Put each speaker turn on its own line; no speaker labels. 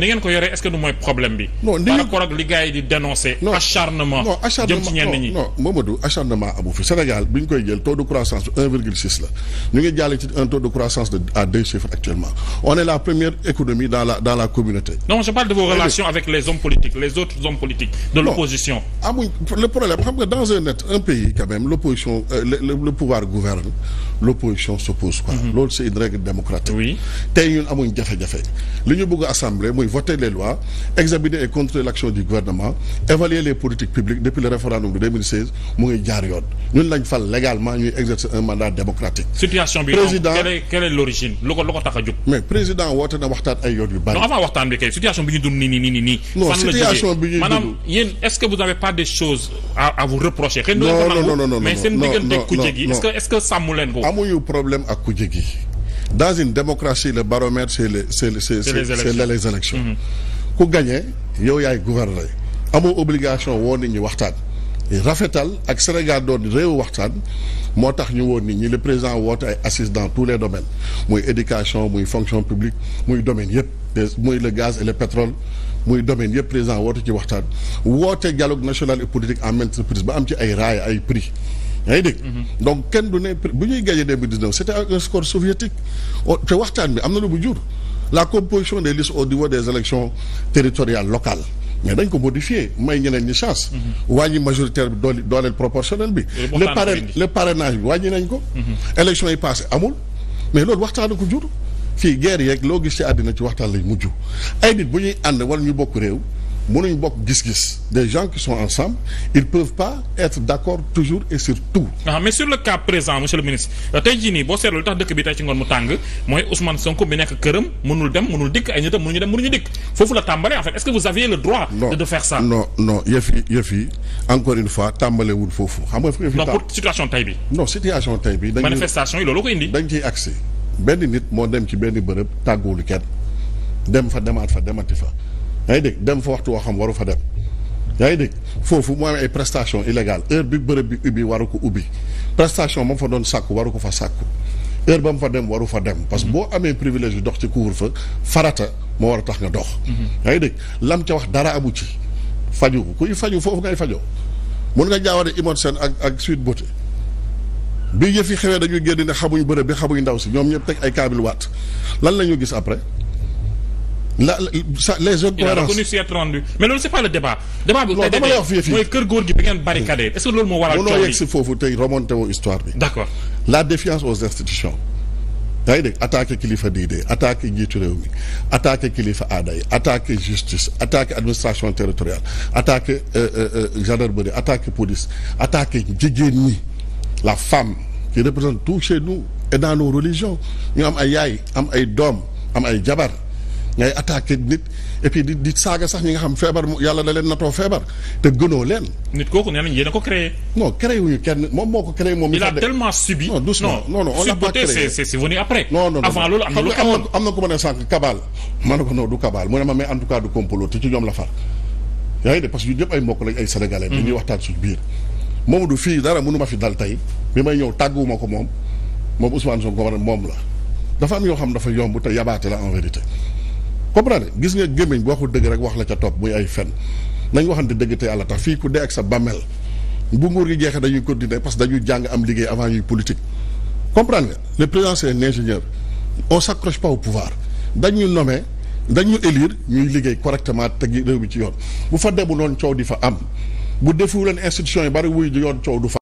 ni ngeen ko yoree est-ce que du mooy problème bi. non ni par rapport di dénoncer. non acharnement non acharnement jëm ci ñenn ñi.
non Mamadou acharnement amu fi Sénégal bi ñu koy jël taux de croissance la ñu ngi jàllee ci un taux de croissance de à deux actuellement on est la première économie dans la communauté.
non je parle de vos relations avec les hommes politiques les autres hommes politiques. de l'opposition
amuñ le problème xam nga dans un net un pays l'opposition euh, le pouvoir gouverne l'opposition vote les lois, examiner et contrôler l'action du gouvernement, évaluer les politiques publiques depuis le référendum de 2016, mu jaar yoon. ñun lañ fal légalement ñuy exercer un mandat démocratique.
situation bi président
quelle est l'origine lu ko lu ko tax a jóg. mais président woote na waxtaan ay yoon yu bari. non
avant waxtaan bi kay situation bi ñu dund nii nii nii nii. non situation bi ñuy dund maanaam yéen est-ce que vous n'avez pas des choses à vous reprocher. non non non non non non
non non dans une démocratie le baromètre c'est le c'est c'est les élections mhm. ku gagné yow yaay gouverner amoo obligation woo nit ñi waxtaan rafetal ak Sénégal doon réew waxtaan moo tax ñu woon ni ñi le président woote ay assises dans tous les domaines muy éducation muy fonction publique muy domaine yëpp muy le gaz et le pétrole muy domaine yëpp président woote ci waxtaan woote dialogue national et politique en entreprise ba am ci ay raaya ay prix yaa ngi dégg. donc kenn du ne bu ñuy gagné 2019 c' était avec un score soviétique oh, te waxtaan bi am na lu bu jur la composition des listes au niveau des élections territoriales locales. mais dañ ko modifier may ñeneen ñi chance. Mhm. wàññi majoritaire bi doole dooleel proportionnel bi. le parrain le parrainage bi wàññi nañ ko. Mhm. élection yi passé amul. mais loolu waxtaan ko jur fii guerre yeeg loo gis ci àddina ci waxtaan lay mujj ay nit bu ñuy ànd wala ñu bokk réew. mënuñ bokk gis-gis des gens qui sont ensemble ils peuvent pas être d'accord toujours et sur tout.
Ah, mais sur le cas présent monsieur le ministre euh, tey jii nii boo seetlu lu tax dëkk bi tey ci ngoon mu tàng mooy Ousmane Sonko bi nekk këram mënul dem mënul dikk ay nitam mënuñu foofu la tàmbalee en fait est-ce
que vous aviez le droit. de de faire ça non non yi yëf yi encore une fois tàmbalewul foofu xam nga. yëf yi donc situation tey bi. non situation tey bi. dañuy manifestation
yi loolu ko indi. dañ
ciy accès benn nit moo dem ci benn bërëb tàgguwul dem fa fa. yaa ngi dégg dem fa waxtu woo xam waru fa dem yaa ngi dégg foofu mu am ay prestation illégale heure bi bërëb bi ubbi waru ko ubbi prestation ma fa doon sàkku waru ko fa sàkku heure ba mu fa dem waru fa dem parce que boo amee privilège yu dox ci couvre fa farata moo war a tax nga dox mhm. yaa ngi dégg lam ca wax dara amu ci faju kuy faju foofu ngay fajoo mun nga jaawale Imodsen ak ak Sweet Beauté bi yëf yi xewee dañuy génn ne xamuñ bërëb bi xamuñ ndaw si ñoom ñëpp teg ay câble lan la ñu gis après la ça les incohérences
mais loolu c'est pas le débat. débat bi dama lay wax fii fii mooy kër góor gi bi ngeen barricadé est-ce que loolu moo waral mënoo yegg si
foofu tey remonté histoire bi. la défiance aux institutions. yaa ngi dégg attaqué kilifa diine attaqué njiitu réew mi attaqué kilifa aada yi attaqué justice attaqué administration territoriale attaqué euh, euh, euh, gendarmerie attaqué police attaqué jigéen ñi la femme qui représente tout chez nous et dans nos religions ñu am ay yaay am ay doom am ay jabar. ngay attaqué nit et puis di di saaga sax ñi nga xam feebar yàlla da leen natoo feebar te gënoo leen. nit kooku nee nañ yéen a ko créé. non créé wuñu kenn moom moo ko créé moom. il a tellement subi. non doucement non non on l'a pas créé
c'est venu après. non non avant loolu am na lu amoon
am na ku ma ne sànq Kabal. ma ne ko ma mais en tout cas du complot te ci ñoom la far yaa ngi parce que ñun ay mbokk lañ ay sénégalais. Mm-hmm. dañuy waxtaan suñu biir. Mamadou fii dara mënu fi dal tey bi may ñëw tàgguwuma ko moom moom Ousmane Sonko war moom la dafa am yoo xam dafa yomb te yabaate la en vérité comprendre gis nga gémmiñ boo waxul dëgg rek wax la ca topp muy ay fen nañ waxante dëgg te yàlla tax fii ku dee ak sa bàmmeel bu nguur gi jeexe dañuy continuer parce que dañuy jàng am liggéey avant ñuy politique comprendre nga le président c'est un ingénieur on s'accroche pas au pouvoir dañ ñu nommer dañ ñu élire ñuy liggéey correctement teg réew bi ci yoon bu fa debu noonu coow di fa am bu defu leen institution yi bari wuy yoon coow du fa